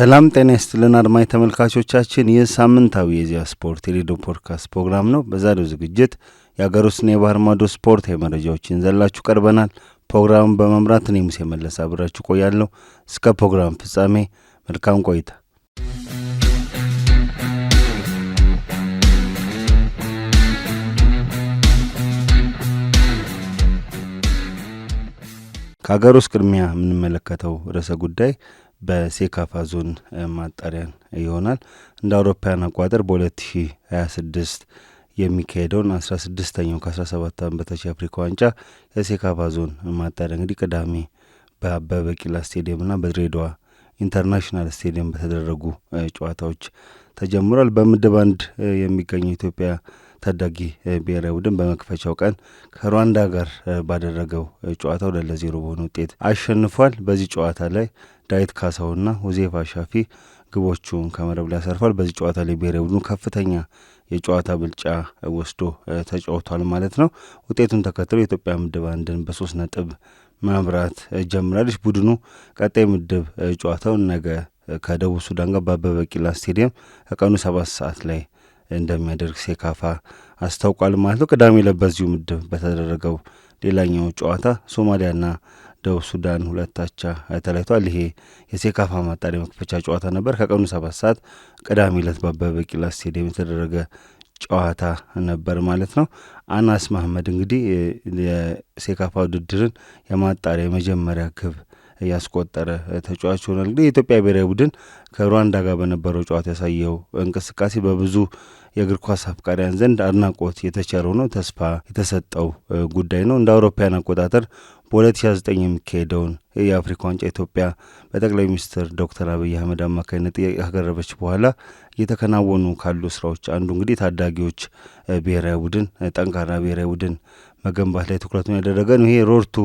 ሰላም ጤና ይስጥልን አድማጭ ተመልካቾቻችን፣ ይህ ሳምንታዊ የኢዜአ ስፖርት የሬዲዮ ፖድካስት ፕሮግራም ነው። በዛሬው ዝግጅት የአገር ውስጥና የባህር ማዶ ስፖርታዊ መረጃዎችን ዘላችሁ ቀርበናል። ፕሮግራሙን በመምራት እኔ ሙሴ መለስ አብራችሁ ቆያለሁ። እስከ ፕሮግራም ፍጻሜ መልካም ቆይታ። ከሀገር ውስጥ ቅድሚያ የምንመለከተው ርዕሰ ጉዳይ በሴካፋ ዞን ማጣሪያን ይሆናል። እንደ አውሮፓውያን አቆጣጠር በ2026 የሚካሄደውን 16ኛው ከ17 ዓመት በታች የአፍሪካ ዋንጫ የሴካፋ ዞን ማጣሪያ እንግዲህ ቅዳሜ በአበበ ቢቂላ ስቴዲየምና በድሬዳዋ ኢንተርናሽናል ስቴዲየም በተደረጉ ጨዋታዎች ተጀምሯል። በምድብ አንድ የሚገኘው ኢትዮጵያ ታዳጊ ብሔራዊ ቡድን በመክፈቻው ቀን ከሩዋንዳ ጋር ባደረገው ጨዋታ ሁለት ለዜሮ በሆነ ውጤት አሸንፏል። በዚህ ጨዋታ ላይ ዳዊት ካሳውና ሁዜፋ ሻፊ ግቦቹን ከመረብ ላይ ያሰርፏል። በዚህ ጨዋታ ላይ ብሔራዊ ቡድኑ ከፍተኛ የጨዋታ ብልጫ ወስዶ ተጫውቷል ማለት ነው። ውጤቱን ተከትሎ የኢትዮጵያ ምድብ አንድን በሶስት ነጥብ መምራት ጀምራለች። ቡድኑ ቀጣይ ምድብ ጨዋታው ነገ ከደቡብ ሱዳን ጋር በአበበ ቢቂላ ስቴዲየም ከቀኑ ሰባት ሰዓት ላይ እንደሚያደርግ ሴካፋ አስታውቋል ማለት ነው። ቅዳሜ ዕለት በዚሁ ምድብ በተደረገው ሌላኛው ጨዋታ ሶማሊያና ደቡብ ሱዳን ሁለታቻ ተለያይቷል። ይሄ የሴካፋ ማጣሪያ መክፈቻ ጨዋታ ነበር። ከቀኑ ሰባት ሰዓት ቅዳሜ ዕለት በአበበ ቢቂላ ስቴዲየም የተደረገ ጨዋታ ነበር ማለት ነው። አናስ መሐመድ እንግዲህ የሴካፋ ውድድርን የማጣሪያ የመጀመሪያ ግብ ያስቆጠረ ተጫዋች ይሆናል። እንግዲህ የኢትዮጵያ ብሔራዊ ቡድን ከሩዋንዳ ጋር በነበረው ጨዋታ ያሳየው እንቅስቃሴ በብዙ የእግር ኳስ አፍቃሪያን ዘንድ አድናቆት የተቸረው ነው፣ ተስፋ የተሰጠው ጉዳይ ነው። እንደ አውሮፓውያን አቆጣጠር በ2009 የሚካሄደውን የአፍሪካ ዋንጫ ኢትዮጵያ በጠቅላይ ሚኒስትር ዶክተር አብይ አህመድ አማካኝነት ጥያቄ ካቀረበች በኋላ እየተከናወኑ ካሉ ስራዎች አንዱ እንግዲህ ታዳጊዎች ብሔራዊ ቡድን ጠንካራ ብሔራዊ ቡድን መገንባት ላይ ትኩረቱን ያደረገ ነው። ይሄ ሮርቱ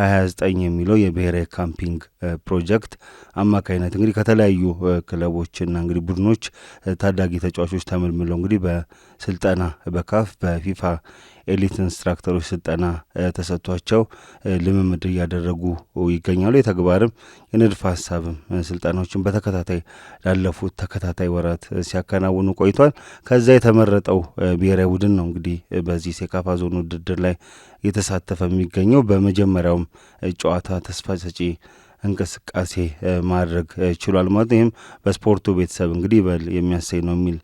2029 የሚለው የብሔራዊ ካምፒንግ ፕሮጀክት አማካይነት እንግዲህ ከተለያዩ ክለቦችና እንግዲህ ቡድኖች ታዳጊ ተጫዋቾች ተመልምለው እንግዲህ በስልጠና በካፍ በፊፋ ኤሊት ኢንስትራክተሮች ስልጠና ተሰጥቷቸው ልምምድ እያደረጉ ይገኛሉ። የተግባርም የንድፈ ሀሳብም ስልጠናዎችን በተከታታይ ላለፉት ተከታታይ ወራት ሲያከናውኑ ቆይቷል። ከዛ የተመረጠው ብሔራዊ ቡድን ነው እንግዲህ በዚህ ሴካፋ ዞን ውድድር ላይ እየተሳተፈ የሚገኘው በመጀመሪያውም ጨዋታ ተስፋ ሰጪ እንቅስቃሴ ማድረግ ችሏል ማለት ይህም በስፖርቱ ቤተሰብ እንግዲህ በል የሚያሰኝ ነው የሚል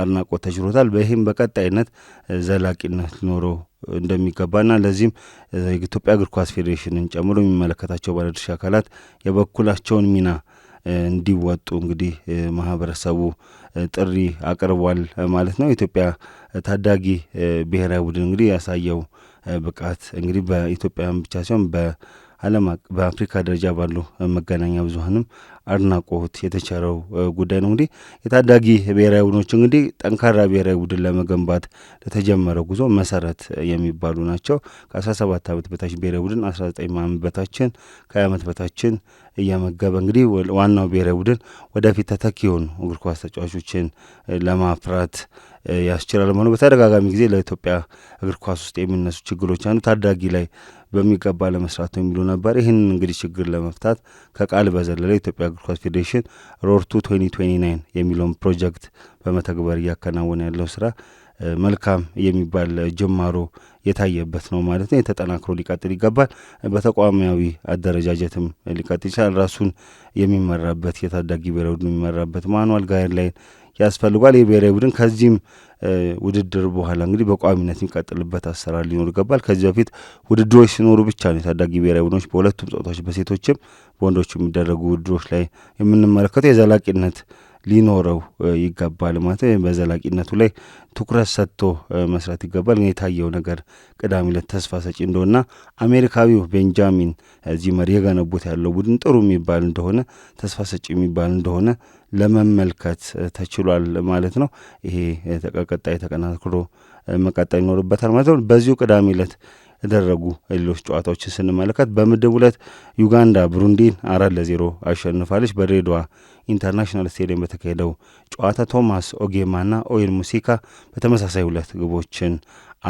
አድናቆት ተችሎታል። ይህም በቀጣይነት ዘላቂነት ሊኖረው እንደሚገባና ለዚህም የኢትዮጵያ እግር ኳስ ፌዴሬሽንን ጨምሮ የሚመለከታቸው ባለድርሻ አካላት የበኩላቸውን ሚና እንዲወጡ እንግዲህ ማህበረሰቡ ጥሪ አቅርቧል ማለት ነው። የኢትዮጵያ ታዳጊ ብሔራዊ ቡድን እንግዲህ ያሳየው ብቃት እንግዲህ በኢትዮጵያን ብቻ ሲሆን በ ዓለም በአፍሪካ ደረጃ ባሉ መገናኛ ብዙሀንም አድናቆት የተቸረው ጉዳይ ነው። እንግዲህ የታዳጊ ብሔራዊ ቡድኖች እንግዲህ ጠንካራ ብሔራዊ ቡድን ለመገንባት ለተጀመረው ጉዞ መሰረት የሚባሉ ናቸው። ከ17 ዓመት በታች ብሔራዊ ቡድን 19 ዓመት በታችን ከ20 ዓመት በታችን እየመገበ እንግዲህ ዋናው ብሔራዊ ቡድን ወደፊት ተተኪውን እግር ኳስ ተጫዋቾችን ለማፍራት ያስችላል። መሆኑ በተደጋጋሚ ጊዜ ለኢትዮጵያ እግር ኳስ ውስጥ የሚነሱ ችግሮች አንዱ ታዳጊ ላይ በሚገባ ለመስራት የሚሉ ነበር። ይህን እንግዲህ ችግር ለመፍታት ከቃል በዘለለ ኢትዮጵያ እግር ኳስ ፌዴሬሽን ሮርቱ 2029 የሚለውን ፕሮጀክት በመተግበር እያከናወነ ያለው ስራ መልካም የሚባል ጅማሮ የታየበት ነው ማለት ነው። የተጠናክሮ ሊቀጥል ይገባል። በተቋማዊ አደረጃጀትም ሊቀጥል ይችላል። ራሱን የሚመራበት የታዳጊ ብሔራዊ ቡድን የሚመራበት ማኑዋል ጋይድላይን ያስፈልጓል። የብሔራዊ ቡድን ከዚህም ውድድር በኋላ እንግዲህ በቋሚነት የሚቀጥልበት አሰራር ሊኖር ይገባል። ከዚህ በፊት ውድድሮች ሲኖሩ ብቻ ነው የታዳጊ ብሔራዊ ቡድኖች በሁለቱም ጾታዎች በሴቶችም በወንዶች የሚደረጉ ውድድሮች ላይ የምንመለከተው የዘላቂነት ሊኖረው ይገባል ማለት በዘላቂነቱ ላይ ትኩረት ሰጥቶ መስራት ይገባል። የታየው ነገር ቅዳሜ ዕለት ተስፋ ሰጪ እንደሆነና አሜሪካዊው ቤንጃሚን ዚመር የገነቡት ያለው ቡድን ጥሩ የሚባል እንደሆነ ተስፋ ሰጪ የሚባል እንደሆነ ለመመልከት ተችሏል ማለት ነው። ይሄ ተቀቀጣይ ተቀናክሮ መቀጠል ይኖርበታል ማለት ነው። በዚሁ ቅዳሜ ዕለት የተደረጉ ሌሎች ጨዋታዎችን ስንመለከት በምድብ ሁለት ዩጋንዳ ብሩንዲን አራት ለዜሮ አሸንፋለች። በድሬዳዋ ኢንተርናሽናል ስቴዲየም በተካሄደው ጨዋታ ቶማስ ኦጌማና ኦይል ሙሲካ በተመሳሳይ ሁለት ግቦችን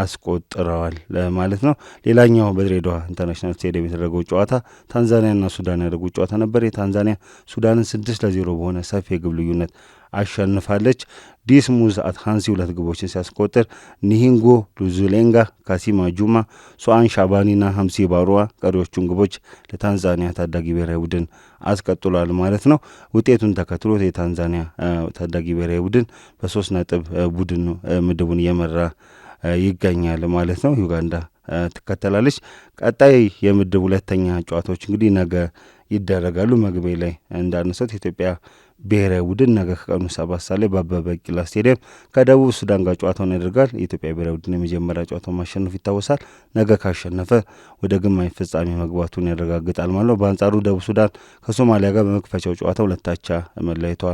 አስቆጥረዋል ማለት ነው። ሌላኛው በድሬዳዋ ኢንተርናሽናል ስቴዲየም የተደረገው ጨዋታ ታንዛኒያና ሱዳን ያደረጉት ጨዋታ ነበር። የታንዛኒያ ሱዳንን ስድስት ለዜሮ በሆነ ሰፊ የግብ ልዩነት አሸንፋለች። ዲስሙዝ አትሃንሲ ሁለት ግቦችን ሲያስቆጥር ኒሂንጎ ሉዙሌንጋ፣ ካሲማ ጁማ፣ ሶአን ሻባኒና ሀምሲ ባሩዋ ቀሪዎቹን ግቦች ለታንዛኒያ ታዳጊ ብሔራዊ ቡድን አስቀጥሏል ማለት ነው። ውጤቱን ተከትሎት የታንዛኒያ ታዳጊ ብሔራዊ ቡድን በሶስት ነጥብ ቡድን ምድቡን እየመራ ይገኛል ማለት ነው። ዩጋንዳ ትከተላለች። ቀጣይ የምድብ ሁለተኛ ጨዋታዎች እንግዲህ ነገ ይደረጋሉ። መግቢያ ላይ እንዳነሳት ኢትዮጵያ ብሔራዊ ቡድን ነገ ከቀኑ ሰባት ሰዓት ላይ በአበበ ቢቂላ ስቴዲየም ከደቡብ ሱዳን ጋር ጨዋታውን ያደርጋል። የኢትዮጵያ ብሔራዊ ቡድን የመጀመሪያ ጨዋታውን ማሸነፉ ይታወሳል። ነገ ካሸነፈ ወደ ግማሽ ፍጻሜ መግባቱን ያረጋግጣል ማለት ነው። በአንጻሩ ደቡብ ሱዳን ከሶማሊያ ጋር በመክፈቻው ጨዋታ ሁለት አቻ መለያየቷ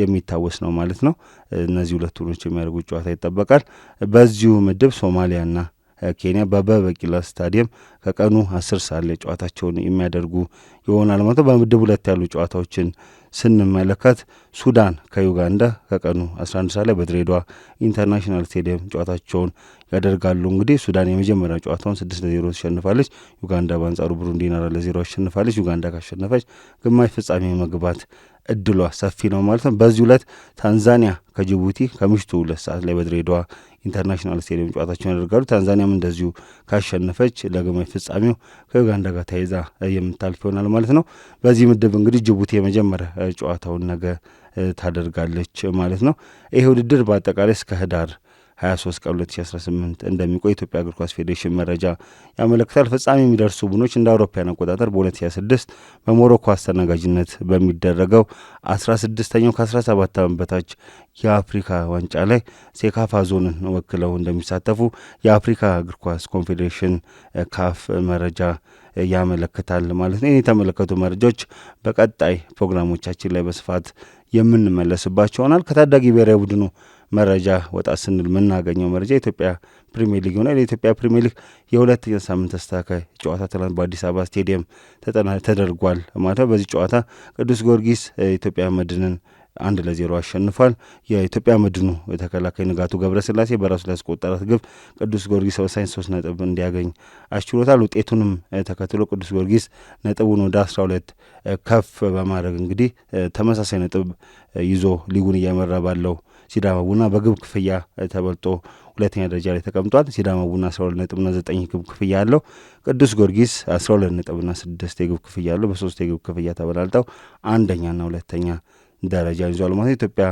የሚታወስ ነው ማለት ነው። እነዚህ ሁለት ቡድኖች የሚያደርጉት ጨዋታ ይጠበቃል። በዚሁ ምድብ ሶማሊያና ኬንያ በበበቂላ ስታዲየም ከቀኑ አስር ሰዓት ላይ ጨዋታቸውን የሚያደርጉ ይሆናል ማለት ነው። በምድብ ሁለት ያሉ ጨዋታዎችን ስንመለከት ሱዳን ከዩጋንዳ ከቀኑ 11 ሰዓት ላይ በድሬዳዋ ኢንተርናሽናል ስቴዲየም ጨዋታቸውን ያደርጋሉ። እንግዲህ ሱዳን የመጀመሪያ ጨዋታውን ስድስት ለዜሮ ትሸንፋለች ዩጋንዳ በአንጻሩ ብሩንዲን አራት ለዜሮ አሸንፋለች። ዩጋንዳ ካሸነፈች ግማሽ ፍጻሜ መግባት እድሏ ሰፊ ነው ማለት ነው። በዚህ ዕለት ታንዛኒያ ከጅቡቲ ከምሽቱ ሁለት ሰዓት ላይ በድሬዳዋ ኢንተርናሽናል ስቴዲየም ጨዋታቸውን ያደርጋሉ። ታንዛኒያም እንደዚሁ ካሸነፈች ለግማሽ ፍጻሜው ከዩጋንዳ ጋር ተይዛ የምታልፍ ይሆናል ማለት ነው። በዚህ ምድብ እንግዲህ ጅቡቲ የመጀመሪያ ጨዋታውን ነገ ታደርጋለች ማለት ነው። ይሄ ውድድር በአጠቃላይ እስከ ህዳር 23 ቀን 2018 እንደሚቆይ የኢትዮጵያ እግር ኳስ ፌዴሬሽን መረጃ ያመለክታል። ፍጻሜ የሚደርሱ ቡድኖች እንደ አውሮፓያን አቆጣጠር በ2026 በሞሮኮ አስተናጋጅነት በሚደረገው 16ኛው ከ17 ዓመት በታች የአፍሪካ ዋንጫ ላይ ሴካፋ ዞንን ወክለው እንደሚሳተፉ የአፍሪካ እግር ኳስ ኮንፌዴሬሽን ካፍ መረጃ ያመለክታል ማለት ነው። ይህን የተመለከቱ መረጃዎች በቀጣይ ፕሮግራሞቻችን ላይ በስፋት የምንመለስባቸው ይሆናል። ከታዳጊ ብሔራዊ ቡድኑ መረጃ ወጣ ስንል የምናገኘው መረጃ የኢትዮጵያ ፕሪሚየር ሊግ ይሆናል። የኢትዮጵያ ፕሪሚየር ሊግ የሁለተኛ ሳምንት ተስተካካይ ጨዋታ ትናንት በአዲስ አበባ ስቴዲየም ተደርጓል ማለት ነው። በዚህ ጨዋታ ቅዱስ ጊዮርጊስ ኢትዮጵያ መድንን አንድ ለዜሮ አሸንፏል። የኢትዮጵያ መድኑ ተከላካይ ንጋቱ ገብረስላሴ በራሱ ላይ ያስቆጠራት ግብ ቅዱስ ጊዮርጊስ ወሳኝ ሶስት ነጥብ እንዲያገኝ አስችሎታል። ውጤቱንም ተከትሎ ቅዱስ ጊዮርጊስ ነጥቡን ወደ አስራ ሁለት ከፍ በማድረግ እንግዲህ ተመሳሳይ ነጥብ ይዞ ሊጉን እያመራ ባለው ሲዳማ ቡና በግብ ክፍያ ተበልጦ ሁለተኛ ደረጃ ላይ ተቀምጧል። ሲዳማ ቡና 12 ነጥብና 9 ክፍያ አለው። ቅዱስ ጊዮርጊስ 12 ነጥብና 6 የግብ ክፍያ አለው። በሶስት የግብ ክፍያ ተበላልጠው አንደኛና ሁለተኛ ደረጃ ይዟል ማለት ነው። ኢትዮጵያ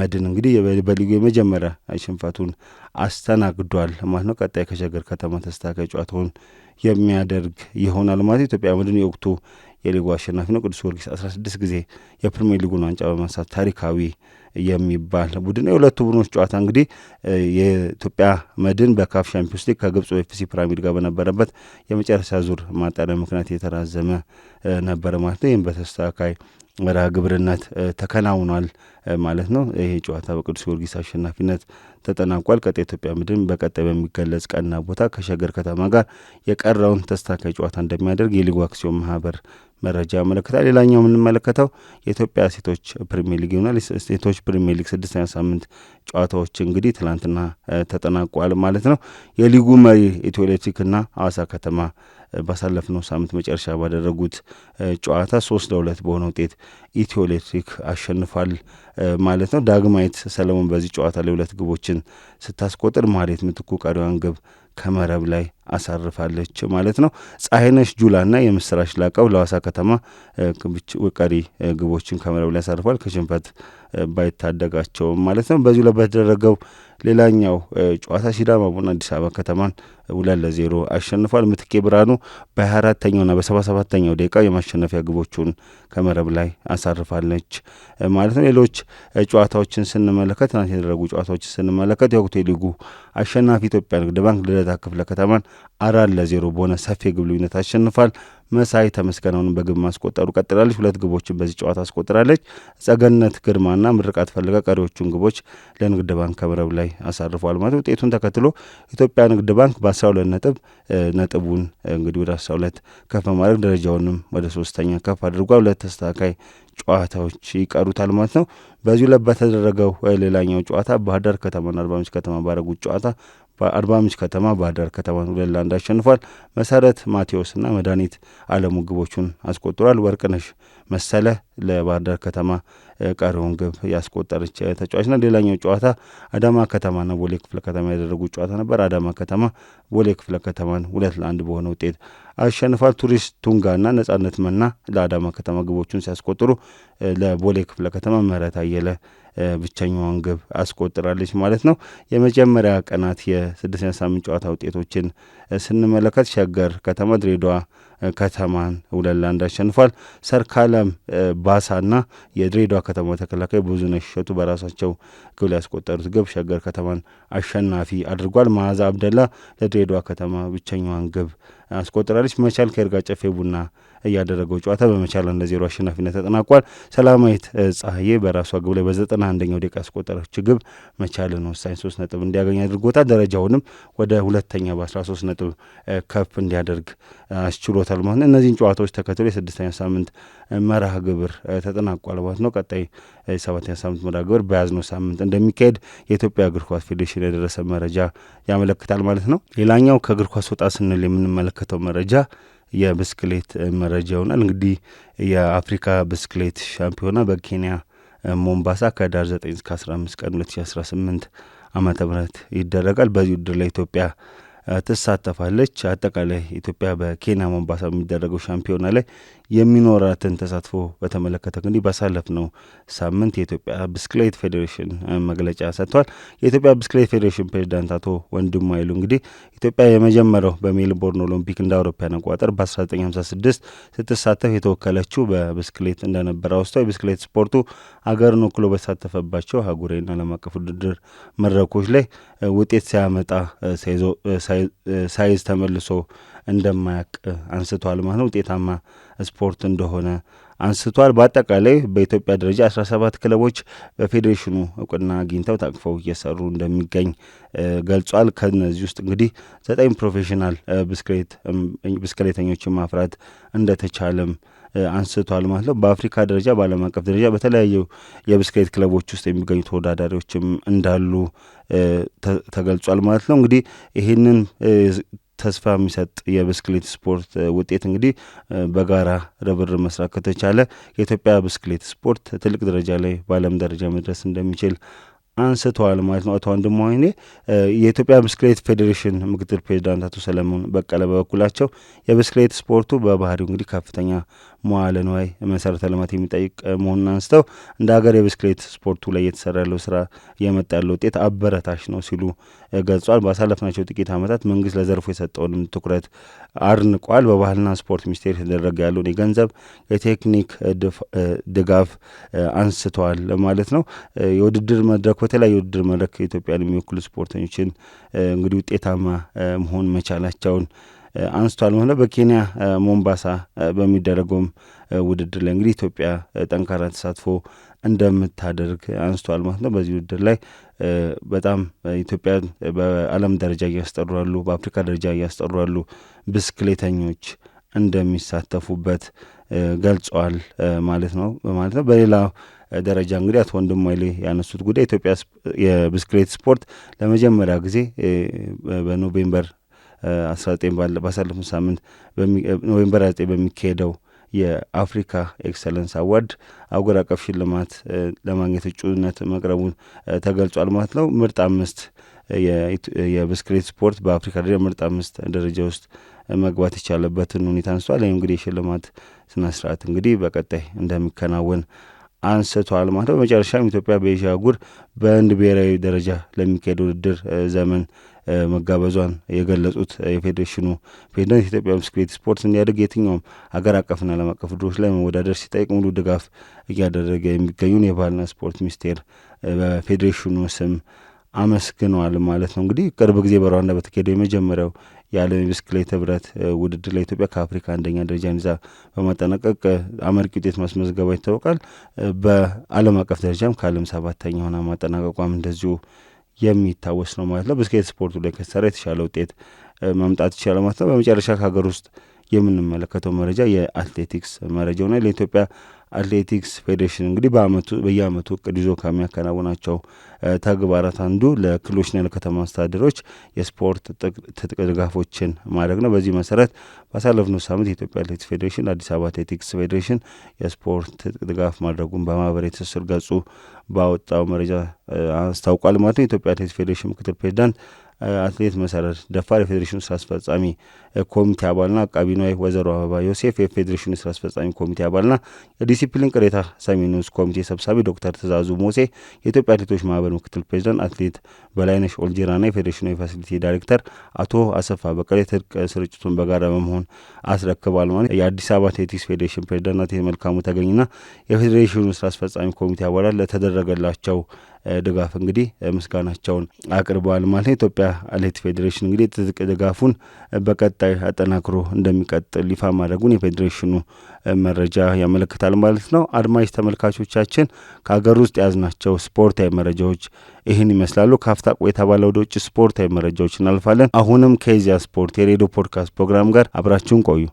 መድን እንግዲህ በሊጉ የመጀመሪያ ሽንፈቱን አስተናግዷል ማለት ነው። ቀጣይ ከሸገር ከተማ ተስተካካይ ጨዋታውን የሚያደርግ ይሆናል ማለት ኢትዮጵያ መድን የወቅቱ የሊጉ አሸናፊ ነው። ቅዱስ ጊዮርጊስ 16 ጊዜ የፕሪሚየር ሊጉን ዋንጫ በማንሳት ታሪካዊ የሚባል ቡድን የሁለቱ ቡድኖች ጨዋታ እንግዲህ የኢትዮጵያ መድን በካፍ ሻምፒዮንስ ሊግ ከግብፅ ኤፍሲ ፒራሚድ ጋር በነበረበት የመጨረሻ ዙር ማጣሪያ ምክንያት የተራዘመ ነበረ ማለት ነው። ይህም በተስተካካይ መርሃ ግብርነት ተከናውኗል ማለት ነው። ይሄ ጨዋታ በቅዱስ ጊዮርጊስ አሸናፊነት ተጠናቋል። ቀጣይ ኢትዮጵያ መድን በቀጣይ በሚገለጽ ቀንና ቦታ ከሸገር ከተማ ጋር የቀረውን ተስተካካይ ጨዋታ እንደሚያደርግ የሊጉ አክሲዮን ማህበር መረጃ ያመለክታል። ሌላኛው የምንመለከተው የኢትዮጵያ ሴቶች ፕሪሚየር ሊግ ይሆናል። ሴቶች ፕሪሚየር ሊግ ስድስተኛ ሳምንት ጨዋታዎች እንግዲህ ትላንትና ተጠናቋል ማለት ነው። የሊጉ መሪ ኢትዮ ኤሌክትሪክና አዋሳ ከተማ ባሳለፍነው ሳምንት መጨረሻ ባደረጉት ጨዋታ ሶስት ለሁለት በሆነ ውጤት ኢትዮ ኤሌክትሪክ አሸንፏል ማለት ነው። ዳግማዊት ሰለሞን በዚህ ጨዋታ ላይ ሁለት ግቦችን ስታስቆጥር ማሬት ምትኩ ቀሪዋን ግብ ከመረብ ላይ አሳርፋለች ማለት ነው። ፀሐይነሽ ጁላና የምስራች ላቀው ለዋሳ ከተማ ቀሪ ግቦችን ከመረብ ላይ አሳርፏል ከሽንፈት ባይታደጋቸውም ማለት ነው። በዚሁ ላይ በተደረገው ሌላኛው ጨዋታ ሲዳማ ቡና አዲስ አበባ ከተማን ሁለት ለዜሮ አሸንፏል። ምትኬ ብርሃኑ በ 24 በሰባ ሰባተኛው ደቂቃ የማሸነፊያ ግቦቹን ከመረብ ላይ አሳርፋለች ማለት ነው። ሌሎች ጨዋታዎችን ስንመለከት ትናንት የተደረጉ ጨዋታዎችን ስንመለከት የወቅቱ የሊጉ አሸናፊ ኢትዮጵያ ንግድ ባንክ ልደታ ክፍለ ከተማን አራት ለዜሮ በሆነ ሰፊ የግብ ልዩነት አሸንፏል። መሳይ ተመስገነውን በግብ ማስቆጠሩ ቀጥላለች። ሁለት ግቦችን በዚህ ጨዋታ አስቆጥራለች። ጸገነት ግርማና ምርቃት ፈልጋ ቀሪዎቹን ግቦች ለንግድ ባንክ ከመረብ ላይ አሳርፏል ማለት ውጤቱን ተከትሎ ኢትዮጵያ ንግድ ባንክ በ12 ነጥብ ነጥቡን እንግዲህ ወደ 12 ከፍ በማድረግ ደረጃውንም ወደ ሶስተኛ ከፍ አድርጓል። ሁለት ተስተካካይ ጨዋታዎች ይቀሩታል ማለት ነው። በዚሁ ለበተደረገው በተደረገው ሌላኛው ጨዋታ ባህር ዳር ከተማና አርባ ምንጭ ከተማ ባረጉት ጨዋታ በአርባ ምንጭ ከተማ ባህር ዳር ከተማን ሁለት ለአንድ አሸንፏል። መሰረት ማቴዎስና መድኃኒት አለሙ ግቦቹን አስቆጥሯል። ወርቅነሽ መሰለ ለባህር ዳር ከተማ ቀሪውን ግብ ያስቆጠረች ተጫዋች ና ሌላኛው ጨዋታ አዳማ ከተማ ና ቦሌ ክፍለ ከተማ ያደረጉት ጨዋታ ነበር። አዳማ ከተማ ቦሌ ክፍለ ከተማን ሁለት ለአንድ በሆነ ውጤት አሸንፏል። ቱሪስት ቱንጋ ና ነጻነት መና ለአዳማ ከተማ ግቦቹን ሲያስቆጥሩ ለቦሌ ክፍለ ከተማ ምህረት አየለ ብቸኛውን ግብ አስቆጥራለች ማለት ነው። የመጀመሪያ ቀናት የስድስተኛ ሳምንት ጨዋታ ውጤቶችን ስንመለከት ሸገር ከተማ ድሬዳዋ ከተማን ሁለት ለአንድ አሸንፏል። ሰርካለም ባሳና የድሬዳዋ ከተማ ተከላካይ ብዙነሽ እሸቱ በራሳቸው ግብ ያስቆጠሩት ግብ ሸገር ከተማን አሸናፊ አድርጓል። መዓዛ አብደላ ለድሬዳዋ ከተማ ብቸኛዋን ግብ አስቆጥራለች። መቻል ከእርጋ ጨፌ ቡና እያደረገው ጨዋታ በመቻል አንድ ለዜሮ አሸናፊነት ተጠናቋል። ሰላማዊት ፀሐዬ በራሷ ግብ ላይ በዘጠና አንደኛው ደቂቃ ያስቆጠረች ግብ መቻልን ወሳኝ ሶስት ነጥብ እንዲያገኝ አድርጎታል። ደረጃውንም ወደ ሁለተኛ በአስራ ሶስት ነጥብ ከፍ እንዲያደርግ አስችሎታል ማለት ነው። እነዚህን ጨዋታዎች ተከትሎ የስድስተኛ ሳምንት መርሃ ግብር ተጠናቋል ማለት ነው። ቀጣይ ሰባተኛ ሳምንት መርሃ ግብር በያዝነው ሳምንት እንደሚካሄድ የኢትዮጵያ እግር ኳስ ፌዴሬሽን የደረሰ መረጃ ያመለክታል ማለት ነው። ሌላኛው ከእግር ኳስ ወጣ ስንል የምንመለከተው መረጃ የብስክሌት መረጃ ይሆናል። እንግዲህ የአፍሪካ ብስክሌት ሻምፒዮና በኬንያ ሞምባሳ ከዳር 9 እስከ 15 ቀን 2018 ዓመተ ምህረት ይደረጋል። በዚህ ውድድር ላይ ኢትዮጵያ ትሳተፋለች። አጠቃላይ ኢትዮጵያ በኬንያ ሞምባሳ በሚደረገው ሻምፒዮና ላይ የሚኖራትን ተሳትፎ በተመለከተ እንግዲህ ነው ሳምንት የኢትዮጵያ ብስክሌት ፌዴሬሽን መግለጫ ሰጥቷል። የኢትዮጵያ ብስክሌት ፌዴሬሽን ፕሬዚዳንት አቶ ወንድሙ አይሉ እንግዲህ ኢትዮጵያ የመጀመሪያው በሜልቦርን ኦሎምፒክ እንደ አውሮፓያን አቆጣጠር በ1956 ስትሳተፍ የተወከለችው በብስክሌት እንደነበረ አውስተው የብስክሌት ስፖርቱ አገርን ወክሎ በተሳተፈባቸው አህጉራዊና ዓለም አቀፍ ውድድር መድረኮች ላይ ውጤት ሲያመጣ ሳይዝ ተመልሶ እንደማያውቅ አንስቷል ማለት ነው። ውጤታማ ስፖርት እንደሆነ አንስቷል። በአጠቃላይ በኢትዮጵያ ደረጃ 1ሰባት ክለቦች በፌዴሬሽኑ እውቅና አግኝተው ታቅፈው እየሰሩ እንደሚገኝ ገልጿል። ከነዚህ ውስጥ እንግዲህ ዘጠኝ ፕሮፌሽናል ብስክሌተኞችን ማፍራት እንደተቻለም አንስቷል ማለት ነው። በአፍሪካ ደረጃ በዓለም አቀፍ ደረጃ በተለያዩ የብስክሌት ክለቦች ውስጥ የሚገኙ ተወዳዳሪዎችም እንዳሉ ተገልጿል ማለት ነው። እንግዲህ ይህንን ተስፋ የሚሰጥ የብስክሌት ስፖርት ውጤት እንግዲህ በጋራ ርብርብ መስራት ከተቻለ የኢትዮጵያ ብስክሌት ስፖርት ትልቅ ደረጃ ላይ በዓለም ደረጃ መድረስ እንደሚችል አንስተዋል ማለት ነው። አቶ ወንድሙ ወይኔ የኢትዮጵያ ብስክሌት ፌዴሬሽን ምክትል ፕሬዚዳንት አቶ ሰለሞን በቀለ በበኩላቸው የብስክሌት ስፖርቱ በባህሪው እንግዲህ ከፍተኛ መዋለ ንዋይ መሰረተ ልማት የሚጠይቅ መሆኑን አንስተው እንደ ሀገር የብስክሌት ስፖርቱ ላይ እየተሰራ ያለው ስራ እየመጣ ያለው ውጤት አበረታሽ ነው ሲሉ ገልጿል። ባሳለፍናቸው ጥቂት ዓመታት መንግስት ለዘርፉ የሰጠውንም ትኩረት አድንቋል። በባህልና ስፖርት ሚኒስቴር የተደረገ ያለውን የገንዘብ የቴክኒክ ድጋፍ አንስተዋል ማለት ነው። የውድድር መድረክ በተለያዩ የውድድር መድረክ ኢትዮጵያን የሚወክሉ ስፖርተኞችን እንግዲህ ውጤታማ መሆን መቻላቸውን አንስቷል ማለት ነው። በኬንያ ሞምባሳ በሚደረገውም ውድድር ላይ እንግዲህ ኢትዮጵያ ጠንካራ ተሳትፎ እንደምታደርግ አንስቷል ማለት ነው። በዚህ ውድድር ላይ በጣም ኢትዮጵያ በዓለም ደረጃ እያስጠሩ ያሉ በአፍሪካ ደረጃ እያስጠሩ ያሉ ብስክሌተኞች እንደሚሳተፉበት ገልጸዋል ማለት ነው ማለት ነው። በሌላ ደረጃ እንግዲህ አቶ ወንድም ኃይሌ ያነሱት ጉዳይ ኢትዮጵያ የብስክሌት ስፖርት ለመጀመሪያ ጊዜ በኖቬምበር 19 ሳምንት ኖቬምበር 9 በሚካሄደው የአፍሪካ ኤክሰለንስ አዋርድ አህጉር አቀፍ ሽልማት ለማግኘት እጩነት መቅረቡን ተገልጿል ማለት ነው። ምርጥ አምስት የብስክሌት ስፖርት በአፍሪካ ደረጃ ምርጥ አምስት ደረጃ ውስጥ መግባት የቻለበትን ሁኔታ አንስቷል። ይህ እንግዲህ የሽልማት ስነ ስርዓት እንግዲህ በቀጣይ እንደሚከናወን አንስቷል ማለት ነው። በመጨረሻም ኢትዮጵያ በኤዥያ አህጉር በህንድ ብሔራዊ ደረጃ ለሚካሄድ ውድድር ዘመን መጋበዟን የገለጹት የፌዴሬሽኑ ፕሬዚዳንት ኢትዮጵያ ብስክሌት ስፖርት እንዲያደግ የትኛውም ሀገር አቀፍና ዓለም አቀፍ ውድድሮች ላይ መወዳደር ሲጠይቅ ሙሉ ድጋፍ እያደረገ የሚገኙን የባህልና ስፖርት ሚኒስቴር በፌዴሬሽኑ ስም አመስግነዋል ማለት ነው። እንግዲህ ቅርብ ጊዜ በሩዋንዳ በተካሄደው የመጀመሪያው የዓለም የብስክሌት ህብረት ውድድር ላይ ኢትዮጵያ ከአፍሪካ አንደኛ ደረጃን ይዛ በማጠናቀቅ አመርቂ ውጤት ማስመዝገባ ይታወቃል። በዓለም አቀፍ ደረጃም ከዓለም ሰባተኛ ሆና ማጠናቀቋም እንደዚሁ የሚታወስ ነው ማለት ነው። ብስክሌት ስፖርቱ ላይ ከተሰራ የተሻለ ውጤት መምጣት ይቻላል ማለት ነው። በመጨረሻ ከሀገር ውስጥ የምንመለከተው መረጃ የአትሌቲክስ መረጃው ና ለኢትዮጵያ አትሌቲክስ ፌዴሬሽን እንግዲህ በአመቱ በየአመቱ እቅድ ይዞ ከሚያከናውናቸው ተግባራት አንዱ ለክልሎችና ለከተማ አስተዳደሮች የስፖርት ትጥቅ ድጋፎችን ማድረግ ነው። በዚህ መሰረት ባሳለፍነው ሳምንት የኢትዮጵያ አትሌቲክስ ፌዴሬሽን አዲስ አበባ አትሌቲክስ ፌዴሬሽን የስፖርት ትጥቅ ድጋፍ ማድረጉን በማህበራዊ ትስስር ገጹ ባወጣው መረጃ አስታውቋል ማለት ነው። የኢትዮጵያ አትሌቲክስ ፌዴሬሽን ምክትል ፕሬዚዳንት አትሌት መሰረት ደፋር የፌዴሬሽኑ ስራ አስፈጻሚ ኮሚቴ አባልና አቃቢ ንዋይ ወይዘሮ አበባ ዮሴፍ የፌዴሬሽኑ ስራ አስፈጻሚ ኮሚቴ አባልና የዲሲፕሊን ቅሬታ ሰሚ ንዑስ ኮሚቴ ሰብሳቢ ዶክተር ትእዛዙ ሞሴ የኢትዮጵያ አትሌቶች ማህበር ምክትል ፕሬዚዳንት አትሌት በላይነሽ ኦልጂራና የፌዴሬሽኑ የፋሲሊቲ ዳይሬክተር አቶ አሰፋ በቀለ የትጥቅ ስርጭቱን በጋራ በመሆን አስረክባል። ማለት የአዲስ አበባ አትሌቲክስ ፌዴሬሽን ፕሬዚዳንት አትሌት መልካሙ ተገኝና የፌዴሬሽኑ ስራ አስፈጻሚ ኮሚቴ አባላት ለተደረገላቸው ድጋፍ እንግዲህ ምስጋናቸውን አቅርበዋል ማለት ነው። ኢትዮጵያ አትሌቲክስ ፌዴሬሽን እንግዲህ ትጥቅ ድጋፉን በቀጣይ አጠናክሮ እንደሚቀጥል ይፋ ማድረጉን የፌዴሬሽኑ መረጃ ያመለክታል ማለት ነው። አድማጭ ተመልካቾቻችን ከሀገር ውስጥ የያዝናቸው ስፖርታዊ መረጃዎች ይህን ይመስላሉ። ካፍታ ቆይታ ባለ ወደ ውጭ ስፖርታዊ መረጃዎች እናልፋለን። አሁንም ከዚያ ስፖርት የሬዲዮ ፖድካስት ፕሮግራም ጋር አብራችሁን ቆዩ።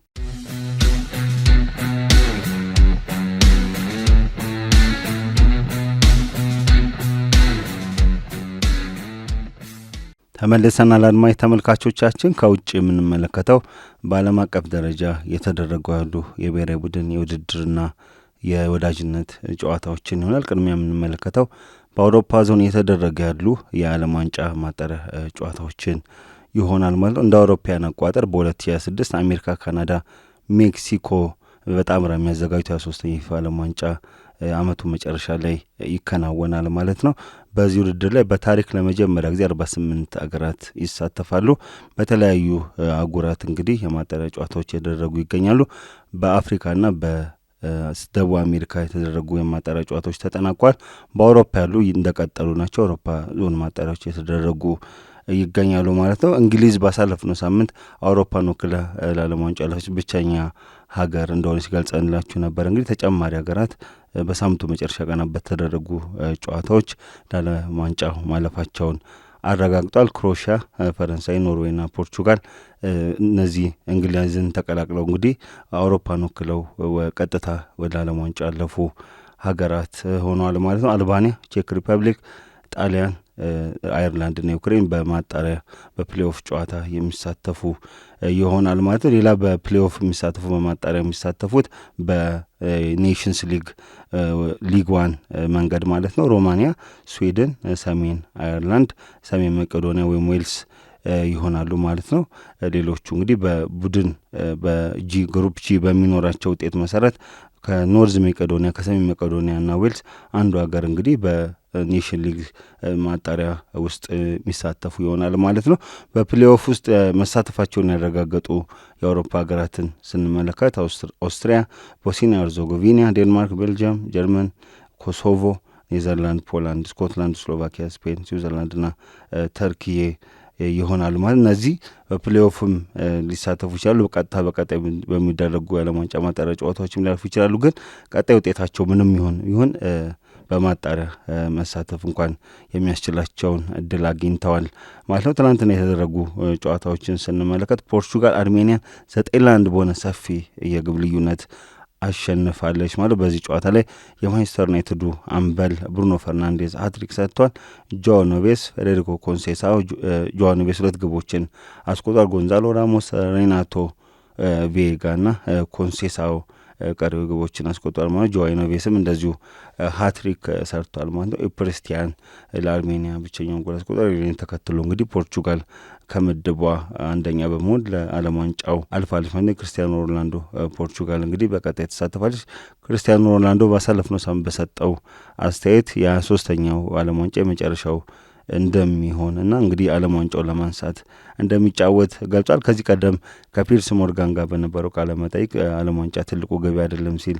ተመልሰናል አድማጭ ተመልካቾቻችን። ከውጭ የምንመለከተው በዓለም አቀፍ ደረጃ የተደረጉ ያሉ የብሔራዊ ቡድን የውድድርና የወዳጅነት ጨዋታዎችን ይሆናል። ቅድሚያ የምንመለከተው በአውሮፓ ዞን የተደረገ ያሉ የዓለም ዋንጫ ማጣሪያ ጨዋታዎችን ይሆናል ማለት ነው። እንደ አቋጠር አቆጣጠር ሺ ስድስት አሜሪካ፣ ካናዳ፣ ሜክሲኮ ራ የሚያዘጋጁት 23 የፊፋ ዓለም ዋንጫ አመቱ መጨረሻ ላይ ይከናወናል ማለት ነው። በዚህ ውድድር ላይ በታሪክ ለመጀመሪያ ጊዜ ስምንት አገራት ይሳተፋሉ። በተለያዩ አህጉራት እንግዲህ የማጣሪያ ጨዋታዎች የተደረጉ ይገኛሉ። በአፍሪካና በ ደቡብ አሜሪካ የተደረጉ የማጣሪያ ጨዋታዎች ተጠናቋል። በአውሮፓ ያሉ እንደቀጠሉ ናቸው። አውሮፓ ዞን ማጣሪያዎች የተደረጉ ይገኛሉ ማለት ነው። እንግሊዝ ባሳለፍነው ሳምንት አውሮፓን ወክላ ለዓለም ዋንጫ ያለፈች ብቸኛ ሀገር እንደሆነች ገልጸንላችሁ ነበር። እንግዲህ ተጨማሪ ሀገራት በሳምንቱ መጨረሻ ቀናት በተደረጉ ጨዋታዎች ዋንጫ ማለፋቸውን አረጋግጧል። ክሮኤሽያ፣ ፈረንሳይ፣ ኖርዌይና ፖርቹጋል እነዚህ እንግሊዝን ተቀላቅለው እንግዲህ አውሮፓን ወክለው ቀጥታ ወደ ዓለም ዋንጫ ያለፉ ሀገራት ሆነዋል ማለት ነው። አልባንያ፣ ቼክ ሪፐብሊክ፣ ጣሊያን አየርላንድና ዩክሬን በማጣሪያ በፕሌኦፍ ጨዋታ የሚሳተፉ ይሆናል ማለት ነው። ሌላ በፕሌኦፍ የሚሳተፉ በማጣሪያ የሚሳተፉት በኔሽንስ ሊግ ሊግ ዋን መንገድ ማለት ነው። ሮማንያ፣ ስዊድን፣ ሰሜን አየርላንድ፣ ሰሜን መቄዶኒያ ወይም ዌልስ ይሆናሉ ማለት ነው። ሌሎቹ እንግዲህ በቡድን በጂ ግሩፕ ጂ በሚኖራቸው ውጤት መሰረት ከኖርዝ ሜቄዶኒያ ከሰሜን ና ዌልስ አንዱ ሀገር እንግዲህ በኔሽን ሊግ ማጣሪያ ውስጥ የሚሳተፉ ይሆናል ማለት ነው። በፕሌኦፍ ውስጥ መሳተፋቸውን ያረጋገጡ የአውሮፓ ሀገራትን ስንመለከት ኦስትሪያ፣ ቦስኒያ ሄርዞጎቪና፣ ዴንማርክ፣ ቤልጅየም፣ ጀርመን፣ ኮሶቮ፣ ኔዘርላንድ፣ ፖላንድ፣ ስኮትላንድ፣ ስሎቫኪያ፣ ስፔን፣ ና ተርኪዬ ይሆናሉ ማለት እነዚህ በፕሌኦፍም ሊሳተፉ ይችላሉ። በቀጥታ በቀጣይ በሚደረጉ የዓለም ዋንጫ ማጣሪያ ጨዋታዎችም ሊያልፉ ይችላሉ። ግን ቀጣይ ውጤታቸው ምንም ይሆን ይሆን በማጣሪያ መሳተፍ እንኳን የሚያስችላቸውን እድል አግኝተዋል ማለት ነው። ትናንትና የተደረጉ ጨዋታዎችን ስንመለከት ፖርቹጋል አርሜኒያን ዘጠኝ ለአንድ በሆነ ሰፊ የግብ ልዩነት አሸንፋለች ማለት በዚህ ጨዋታ ላይ የማንቸስተር ዩናይትዱ አምበል ብሩኖ ፈርናንዴዝ ሀትሪክ ሰጥቷል። ጆዋ ኖቬስ፣ ፌዴሪኮ ኮንሴሳ ጆዋ ኖቬስ ሁለት ግቦችን አስቆጧል። ጎንዛሎ ራሞስ፣ ሬናቶ ቬጋ ና ኮንሴሳው ቀሪው ግቦችን አስቆጧል ማለት ጆዋ ኖቬስም እንደዚሁ ሀትሪክ ሰርቷል ማለት ነው። ኢፕሪስቲያን ለአርሜኒያ ብቸኛውን ጎል አስቆጧል። ተከትሎ እንግዲህ ፖርቹጋል ከምድቧ አንደኛ በመሆን ለዓለም ዋንጫው አልፋለች። ክርስቲያኖ ሮናልዶ ፖርቹጋል እንግዲህ በቀጣይ ተሳትፋለች። ክርስቲያኖ ሮናልዶ ባሳለፍነው ሳምንት በሰጠው አስተያየት የሶስተኛው ዓለም ዋንጫ የመጨረሻው እንደሚሆን እና እንግዲህ ዓለም ዋንጫው ለማንሳት እንደሚጫወት ገልጿል። ከዚህ ቀደም ከፒርስ ሞርጋን ጋር በነበረው ቃለ መጠይቅ ዓለም ዋንጫ ትልቁ ገቢ አይደለም ሲል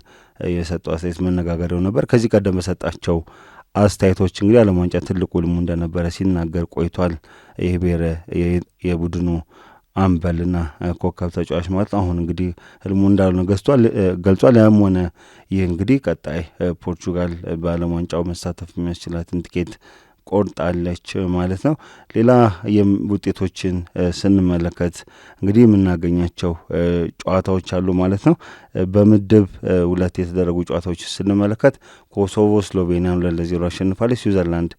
የሰጠው አስተያየት መነጋገሪያው ነበር። ከዚህ ቀደም በሰጣቸው አስተያየቶች እንግዲህ ዓለም ዋንጫ ትልቁ ልሙ እንደነበረ ሲናገር ቆይቷል። ይህ ብሔረ የቡድኑ አምበልና ኮከብ ተጫዋች ማለት አሁን እንግዲህ ህልሙ እንዳልሆነ ገልጿል። ያም ሆነ ይህ እንግዲህ ቀጣይ ፖርቹጋል በዓለም ዋንጫው መሳተፍ የሚያስችላትን ትኬት ቆርጣለች ማለት ነው። ሌላ ውጤቶችን ስንመለከት እንግዲህ የምናገኛቸው ጨዋታዎች አሉ ማለት ነው። በምድብ ሁለት የተደረጉ ጨዋታዎች ስንመለከት ኮሶቮ ስሎቬኒያን ሁለት ለዜሮ አሸንፋለች። ስዊዘርላንድ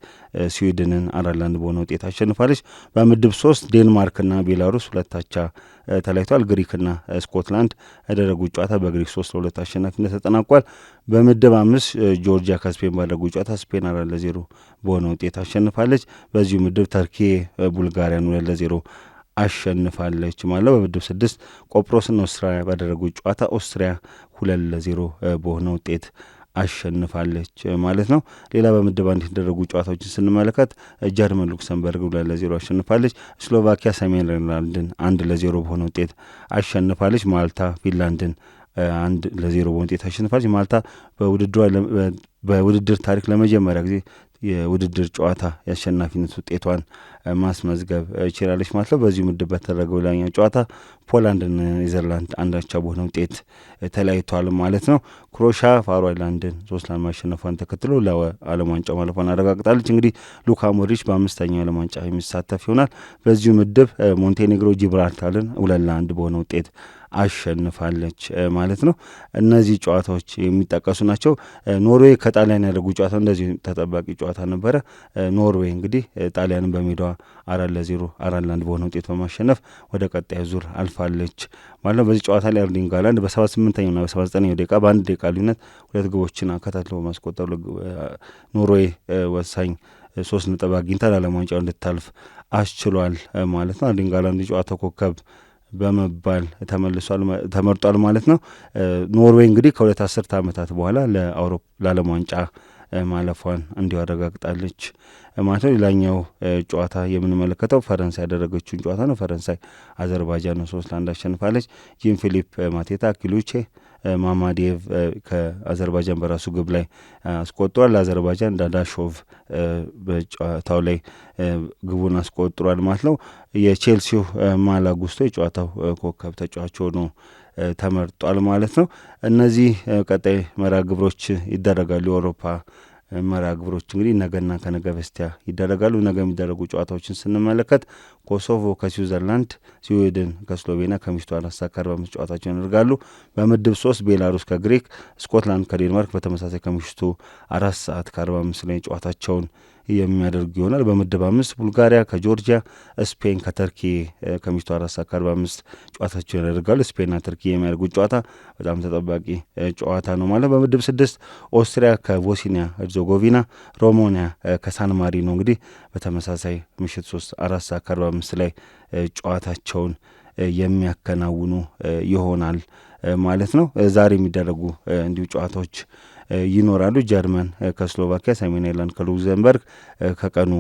ስዊድንን አራት ለአንድ በሆነ ውጤት አሸንፋለች። በምድብ ሶስት ዴንማርክና ቤላሩስ ሁለታቻ ተለያይቷል። ግሪክና ስኮትላንድ ያደረጉት ጨዋታ በግሪክ ሶስት ለሁለት አሸናፊነት ተጠናቋል። በምድብ አምስት ጆርጂያ ከስፔን ባደረጉት ጨዋታ ስፔን አራት ለዜሮ በሆነ ውጤት አሸንፋለች። በዚሁ ምድብ ተርኪ ቡልጋሪያን ሁለት ለዜሮ አሸንፋለች ማለት ነው። በምድብ ስድስት ቆጵሮስና ኦስትሪያ ባደረጉት ጨዋታ ኦስትሪያ ሁለት ለዜሮ በሆነ ውጤት አሸንፋለች ማለት ነው። ሌላ በምድብ አንድ የተደረጉ ጨዋታዎችን ስንመለከት ጀርመን ሉክሰምበርግ ሁለት ለዜሮ አሸንፋለች። ስሎቫኪያ ሰሜን አየርላንድን አንድ ለዜሮ በሆነ ውጤት አሸንፋለች። ማልታ ፊንላንድን አንድ ለዜሮ በሆነ ውጤት አሸንፋለች። ማልታ በውድድር ታሪክ ለመጀመሪያ ጊዜ የውድድር ጨዋታ የአሸናፊነት ውጤቷን ማስመዝገብ ችላለች ማለት ነው። በዚሁ ምድብ በተደረገው ሌላኛው ጨዋታ ፖላንድን ኔዘርላንድ አንዳቻ በሆነ ውጤት ተለያይተዋል ማለት ነው። ክሮሻ ፋሮ ሶስት ለአንድ ማሸነፏን ተከትሎ ለዓለም ዋንጫው ማለፏን አረጋግጣለች። እንግዲህ ሉካ ሞድሪች በአምስተኛው ዓለም ዋንጫ የሚሳተፍ ይሆናል። በዚሁ ምድብ ሞንቴኔግሮ ጂብራልታርን ሁለት ለአንድ በሆነ ውጤት አሸንፋለች ማለት ነው። እነዚህ ጨዋታዎች የሚጠቀሱ ናቸው። ኖርዌይ ከጣሊያን ያደረጉ ጨዋታ እንደዚህ ተጠባቂ ጨዋታ ነበረ። ኖርዌይ እንግዲህ ጣሊያንን በሜዳዋ አራት ለዜሮ አራት ለአንድ በሆነ ውጤት በማሸነፍ ወደ ቀጣዩ ዙር አልፋለች ማለት ነው። በዚህ ጨዋታ ላይ አርሊንግ ሃላንድ በሰባ ና በሰባ ዘጠነኛው ደቂቃ በአንድ ደቂቃ ልዩነት ሁለት ግቦችን አከታትሎ በማስቆጠር ኖርዌይ ወሳኝ ሶስት ነጥብ አግኝታ ለዓለም ዋንጫው እንድታልፍ አስችሏል ማለት ነው። አርሊንግ ሃላንድ የጨዋታው ኮከብ በመባል ተመርጧል ማለት ነው። ኖርዌይ እንግዲህ ከሁለት አስርት ዓመታት በኋላ ለዓለም ዋንጫ ማለፏን እንዲሁ አረጋግጣለች ማለት ነው። ሌላኛው ጨዋታ የምንመለከተው ፈረንሳይ ያደረገችውን ጨዋታ ነው። ፈረንሳይ አዘርባይጃን ሶስት ለአንድ አሸንፋለች። ጂም ፊሊፕ ማቴታ ኪሉቼ ማማዲየቭ ከአዘርባጃን በራሱ ግብ ላይ አስቆጥሯል። አዘርባጃን ዳዳሾቭ በጨዋታው ላይ ግቡን አስቆጥሯል ማለት ነው። የቼልሲው ጉስቶ የጨዋታው ኮከብ ተጫዋች ሆኖ ተመርጧል ማለት ነው። እነዚህ ቀጣይ መርሃ ግብሮች ይደረጋሉ የአውሮፓ መርሃ ግብሮች እንግዲህ ነገና ከነገ በስቲያ ይደረጋሉ። ነገ የሚደረጉ ጨዋታዎችን ስንመለከት ኮሶቮ ከስዊዘርላንድ፣ ስዊድን ከስሎቬኒያ ከምሽቱ አራት ሰዓት ከአርባ አምስት ጨዋታቸውን ያደርጋሉ። በምድብ ሶስት ቤላሩስ ከግሪክ፣ ስኮትላንድ ከዴንማርክ በተመሳሳይ ከምሽቱ አራት ሰዓት ከአርባ አምስት ላይ ጨዋታቸውን የሚያደርጉ ይሆናል። በምድብ አምስት ቡልጋሪያ ከጆርጂያ፣ ስፔን ከተርኪ ከሚስቱ አራት ሰዓት ከአርባ አምስት ጨዋታቸውን ያደርጋሉ። ስፔንና ተርኪ የሚያደርጉት ጨዋታ በጣም ተጠባቂ ጨዋታ ነው ማለት ነው። በምድብ ስድስት ኦስትሪያ ከቦስኒያ ሄርዞጎቪና፣ ሮሞኒያ ከሳን ማሪኖ እንግዲህ በተመሳሳይ ምሽት ሶስት አራት ሰዓት ከአርባ አምስት ላይ ጨዋታቸውን የሚያከናውኑ ይሆናል ማለት ነው። ዛሬ የሚደረጉ እንዲሁ ጨዋታዎች ይኖራሉ። ጀርመን ከስሎቫኪያ፣ ሰሜን አይርላንድ ከሉክዘምበርግ ከቀኑ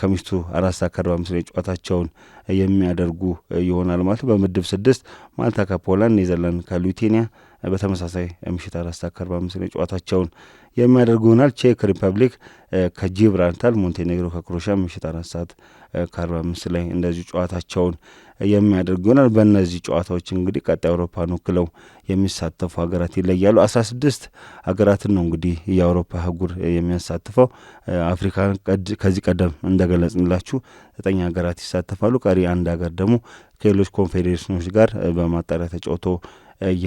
ከሚስቱ አራት ሰዓት ከአርባ አምስት ላይ ጨዋታቸውን የሚያደርጉ ይሆናል ማለት ነው። በምድብ ስድስት ማልታ ከፖላንድ፣ ኔዘርላንድ ከሉቴኒያ በተመሳሳይ ምሽት አራት ሰዓት ከአርባ አምስት ላይ ጨዋታቸውን የሚያደርጉ ይሆናል። ቼክ ሪፐብሊክ ከጂብራልታል፣ ሞንቴኔግሮ ከክሮሻ ምሽት አራት ሰዓት ከአርባ አምስት ላይ እንደዚሁ ጨዋታቸውን የሚያደርግ ይሆናል። በእነዚህ ጨዋታዎች እንግዲህ ቀጣይ አውሮፓን ወክለው የሚሳተፉ ሀገራት ይለያሉ። አስራ ስድስት ሀገራትን ነው እንግዲህ የአውሮፓ አህጉር የሚያሳትፈው። አፍሪካን ከዚህ ቀደም እንደገለጽንላችሁ ዘጠኝ ሀገራት ይሳተፋሉ። ቀሪ አንድ ሀገር ደግሞ ከሌሎች ኮንፌዴሬሽኖች ጋር በማጣሪያ ተጫውቶ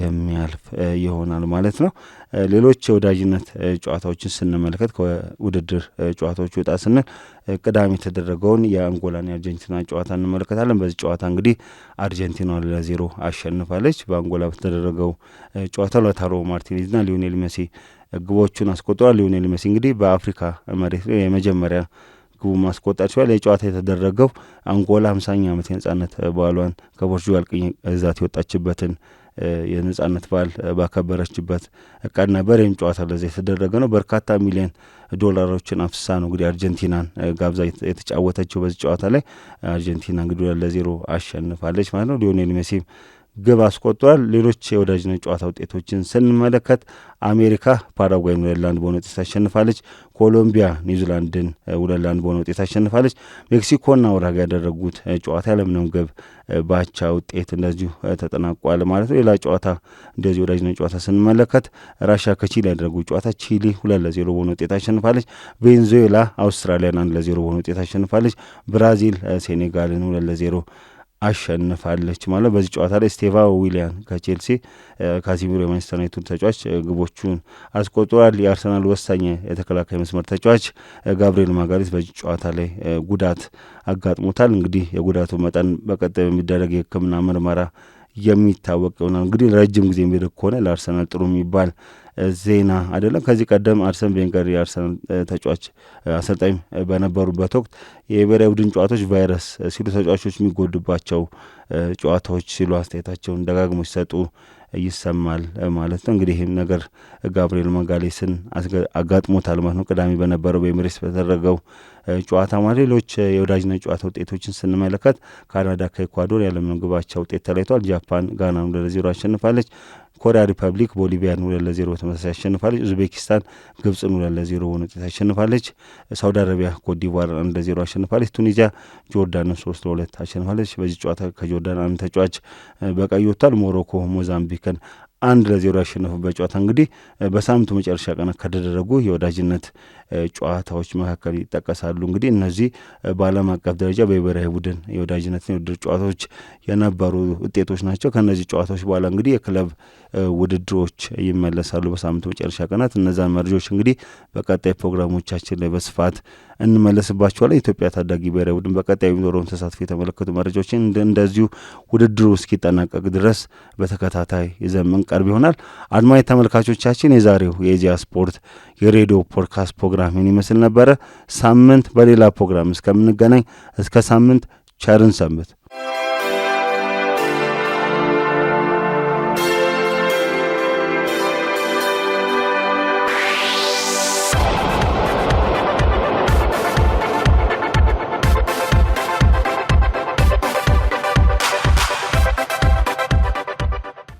የሚያልፍ ይሆናል ማለት ነው። ሌሎች የወዳጅነት ጨዋታዎችን ስንመለከት ከውድድር ጨዋታዎች ወጣ ስንል ቅዳሜ የተደረገውን የአንጎላና የአርጀንቲና ጨዋታ እንመለከታለን። በዚህ ጨዋታ እንግዲህ አርጀንቲና ለዜሮ አሸንፋለች። በአንጎላ በተደረገው ጨዋታ ላውታሮ ማርቲኔዝና ሊዮኔል መሲ ግቦቹን አስቆጥሯል። ሊዮኔል መሲ እንግዲህ በአፍሪካ መሬት የመጀመሪያ ግቡ ማስቆጠር ችሏል። የጨዋታ የተደረገው አንጎላ ሀምሳኛ ዓመት የነጻነት በዓሏን ከፖርቹጋል ቅኝ ግዛት የወጣችበትን የነጻነት በዓል ባከበረችበት ቀን ነበር። ይህም ጨዋታ ለዚያ የተደረገ ነው። በርካታ ሚሊዮን ዶላሮችን አፍሳ ነው እንግዲህ አርጀንቲናን ጋብዛ የተጫወተችው። በዚህ ጨዋታ ላይ አርጀንቲና እንግዲህ ለዜሮ አሸንፋለች ማለት ነው። ሊዮኔል ሜሲም ግብ አስቆጥሯል። ሌሎች የወዳጅነት ጨዋታ ውጤቶችን ስንመለከት አሜሪካ ፓራጓይን ሁለት ለአንድ በሆነ ውጤት አሸንፋለች። ኮሎምቢያ ኒውዚላንድን ሁለት ለአንድ በሆነ ውጤት አሸንፋለች። ሜክሲኮና ውራጋ ያደረጉት ጨዋታ ያለምንም ግብ ባቻ ውጤት እንደዚሁ ተጠናቋል ማለት ነው። ሌላ ጨዋታ እንደዚሁ ወዳጅነት ጨዋታ ስንመለከት ራሻ ከቺሊ ያደረጉት ጨዋታ ቺሊ ሁለት ለዜሮ በሆነ ውጤት አሸንፋለች። ቬንዙዌላ አውስትራሊያን አንድ ለዜሮ በሆነ ውጤት አሸንፋለች። ብራዚል ሴኔጋልን ሁለት ለዜሮ አሸንፋለች ማለት በዚህ ጨዋታ ላይ ስቴቫ ዊሊያን ከቼልሲ ካሲሚሮ የማንቸስተር ዩናይትድ ተጫዋች ግቦቹን አስቆጥሯል። የአርሰናል ወሳኝ የተከላካይ መስመር ተጫዋች ጋብሪኤል ማጋሊት በዚህ ጨዋታ ላይ ጉዳት አጋጥሞታል። እንግዲህ የጉዳቱ መጠን በቀጣይ የሚደረግ የሕክምና ምርመራ የሚታወቅ ይሆናል። እንግዲህ ረጅም ጊዜ የሚደረግ ከሆነ ለአርሰናል ጥሩ የሚባል ዜና አይደለም። ከዚህ ቀደም አርሰን ቬንገር የአርሰናል ተጫዋች አሰልጣኝ በነበሩበት ወቅት የብሔራዊ ቡድን ጨዋታዎች ቫይረስ ሲሉ ተጫዋቾች የሚጎዱባቸው ጨዋታዎች ሲሉ አስተያየታቸውን ደጋግሞ ሲሰጡ ይሰማል ማለት ነው። እንግዲህ ይህም ነገር ጋብሪኤል መጋሌስን አጋጥሞታል ማለት ነው። ቅዳሜ በነበረው በኤምሬስ በተደረገው ጨዋታ ማለት ሌሎች የወዳጅነት ጨዋታ ውጤቶችን ስንመለከት ካናዳ ከኢኳዶር ያለምንም ግብ አቻ ውጤት ተለያይቷል። ጃፓን ጋናን ሁለት ለዜሮ አሸንፋለች። ኮሪያ ሪፐብሊክ ቦሊቪያን ሁለት ለዜሮ በተመሳሳይ አሸንፋለች። ኡዝቤኪስታን ግብፅን ሁለት ለዜሮ በሆነ ውጤት አሸንፋለች። ሳውዲ አረቢያ ኮትዲቯር አንድ ለዜሮ አሸንፋለች። ቱኒዚያ ጆርዳንን ሶስት ለሁለት አሸንፋለች። በዚህ ጨዋታ ከጆርዳን አንድ ተጫዋች በቀይ ወጥቷል። ሞሮኮ ሞዛምቢክን አንድ ለዜሮ ያሸነፉበት ጨዋታ እንግዲህ በሳምንቱ መጨረሻ ቀን ከተደረጉ የወዳጅነት ጨዋታዎች መካከል ይጠቀሳሉ። እንግዲህ እነዚህ በዓለም አቀፍ ደረጃ በብሔራዊ ቡድን የወዳጅነትና የውድድር ጨዋታዎች የነበሩ ውጤቶች ናቸው። ከእነዚህ ጨዋታዎች በኋላ እንግዲህ የክለብ ውድድሮች ይመለሳሉ በሳምንቱ መጨረሻ ቀናት። እነዛን መረጃዎች እንግዲህ በቀጣይ ፕሮግራሞቻችን ላይ በስፋት እንመለስባቸዋለን። ኢትዮጵያ ታዳጊ ብሔራዊ ቡድን በቀጣይ የሚኖረውን ተሳትፎ የተመለከቱ መረጃዎችን እንደዚሁ ውድድሩ እስኪጠናቀቅ ድረስ በተከታታይ ይዘን ምንቀርብ ይሆናል። አድማጭ ተመልካቾቻችን የዛሬው የኢዜአ ስፖርት የሬዲዮ ፖድካስት ፕሮግራም ፕሮግራም ፕሮግራምን ይመስል ነበረ። ሳምንት በሌላ ፕሮግራም እስከምንገናኝ እስከ ሳምንት ቸርን ሰንብት።